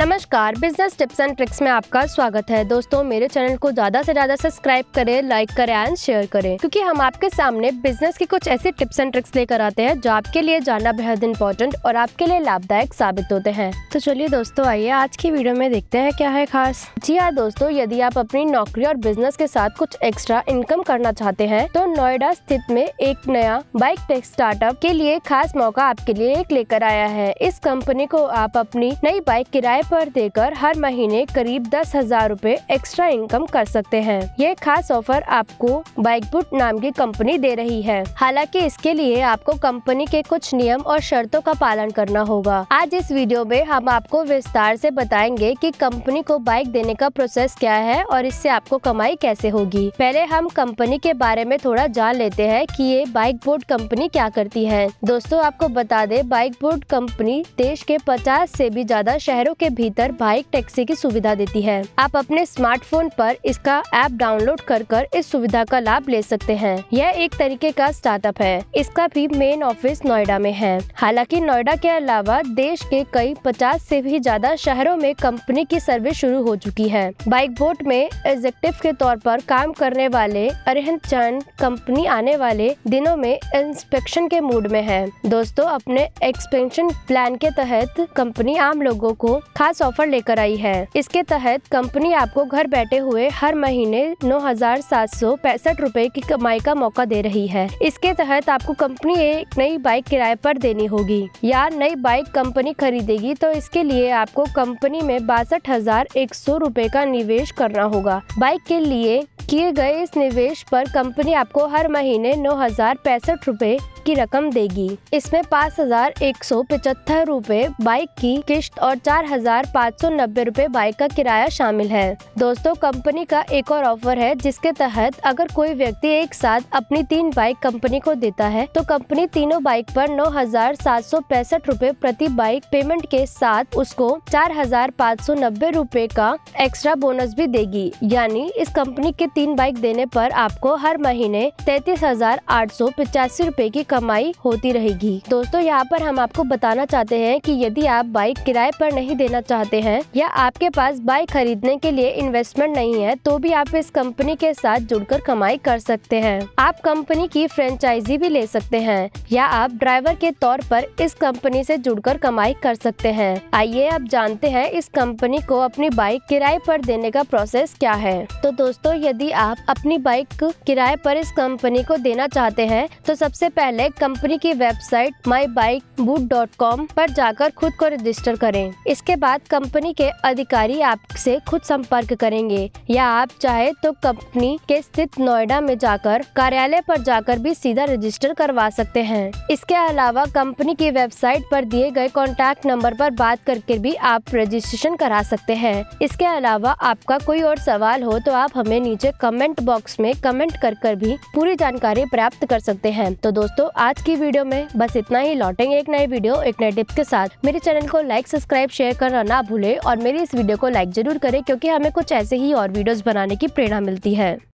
नमस्कार business tips and tricks में आपका स्वागत है दोस्तों मेरे चैनल को ज्यादा से ज्यादा सब्सक्राइब करें लाइक करें एंड शेयर करें क्योंकि हम आपके सामने बिजनेस की कुछ ऐसी टिप्स एंड ट्रिक्स लेकर आते हैं जो आपके लिए जानना बेहद इंपॉर्टेंट और आपके लिए लाभदायक साबित होते हैं तो चलिए दोस्तों आइए आज की वीडियो में देखते हैं क्या है खास जी हाँ दोस्तों यदि आप अपनी नौकरी और बिजनेस के साथ कुछ एक्स्ट्रा इनकम करना चाहते हैं तो नोएडा स्थित में एक नया बाइक टेक स्टार्टअप के लिए खास मौका आपके लिए एक लेकर आया है इस कंपनी को आप अपनी नई बाइक किराए पर देकर हर महीने करीब दस हजार रूपए एक्स्ट्रा इनकम कर सकते हैं ये खास ऑफर आपको बाइकबुट नाम की कंपनी दे रही है हालांकि इसके लिए आपको कंपनी के कुछ नियम और शर्तों का पालन करना होगा आज इस वीडियो में हम आपको विस्तार से बताएंगे कि कंपनी को बाइक देने का प्रोसेस क्या है और इससे आपको कमाई कैसे होगी पहले हम कंपनी के बारे में थोड़ा जान लेते हैं कि ये बाइक बोर्ड कंपनी क्या करती है दोस्तों आपको बता दे बाइक बोर्ड कंपनी देश के 50 से भी ज्यादा शहरों के भीतर बाइक टैक्सी की सुविधा देती है आप अपने स्मार्टफोन पर इसका ऐप डाउनलोड कर कर इस सुविधा का लाभ ले सकते हैं यह एक तरीके का स्टार्टअप है इसका भी मेन ऑफिस नोएडा में है हालांकि नोएडा के अलावा देश के कई पचास से भी ज्यादा शहरों में कंपनी की सर्विस शुरू हो चुकी है बाइक बोट में एग्जेक्टिव के तौर पर काम करने वाले अरहन चंद कंपनी आने वाले दिनों में इंस्पेक्शन के मूड में है दोस्तों अपने एक्सपेंशन प्लान के तहत कंपनी आम लोगों को खास ऑफर लेकर आई है इसके तहत कंपनी आपको घर बैठे हुए हर महीने नौ हजार सात सौ पैंसठ रूपए की कमाई का मौका दे रही है इसके तहत आपको कंपनी एक नई बाइक किराए पर देनी होगी या नई बाइक कंपनी खरीदेगी तो इसके लिए आपको कंपनी में बासठ हजार एक सौ रूपए का निवेश करना होगा बाइक के लिए किए गए इस निवेश पर कंपनी आपको हर महीने नौ हजार पैंसठ रूपए की रकम देगी इसमें पाँच हजार एक सौ पचहत्तर रूपए बाइक की किश्त और चार हजार पाँच सौ नब्बे रूपए बाइक का किराया शामिल है दोस्तों कंपनी का एक और ऑफर है जिसके तहत अगर कोई व्यक्ति एक साथ अपनी तीन बाइक कंपनी को देता है तो कंपनी तीनों बाइक पर नौ हजार सात सौ पैंसठ रूपए प्रति बाइक पेमेंट के साथ उसको चार हजार पाँच सौ नब्बे रूपए का एक्स्ट्रा बोनस भी देगी यानी इस कंपनी के तीन बाइक देने पर आपको हर महीने तैतीस हजार आठ सौ पचासी रूपए की कमाई होती रहेगी दोस्तों यहाँ पर हम आपको बताना चाहते हैं कि यदि आप बाइक किराए पर नहीं देना चाहते हैं या आपके पास बाइक खरीदने के लिए इन्वेस्टमेंट नहीं है तो भी आप इस कंपनी के साथ जुड़कर कमाई कर सकते हैं आप कंपनी की फ्रेंचाइजी भी ले सकते हैं या आप ड्राइवर के तौर पर इस कंपनी से जुड़कर कमाई कर सकते हैं आइए आप जानते हैं इस कंपनी को अपनी बाइक किराए पर देने का प्रोसेस क्या है तो दोस्तों यदि आप अपनी बाइक किराए पर इस कंपनी को देना चाहते हैं तो सबसे पहले कंपनी की website my bike boot dot com पर जाकर खुद को रजिस्टर करें इसके बाद कंपनी के अधिकारी आपसे खुद संपर्क करेंगे या आप चाहे तो कंपनी के स्थित नोएडा में जाकर कार्यालय पर जाकर भी सीधा रजिस्टर करवा सकते हैं इसके अलावा कंपनी की वेबसाइट पर दिए गए कॉन्टैक्ट नंबर पर बात करके भी आप रजिस्ट्रेशन करा सकते हैं इसके अलावा आपका कोई और सवाल हो तो आप हमें नीचे कमेंट बॉक्स में कमेंट कर कर भी पूरी जानकारी प्राप्त कर सकते हैं तो दोस्तों आज की वीडियो में बस इतना ही लौटेंगे एक नए वीडियो एक नए टिप्स के साथ मेरे चैनल को लाइक सब्सक्राइब शेयर करना ना भूले और मेरी इस वीडियो को लाइक जरूर करे क्यूँकी हमें कुछ ऐसे ही और वीडियो बनाने की प्रेरणा मिलती है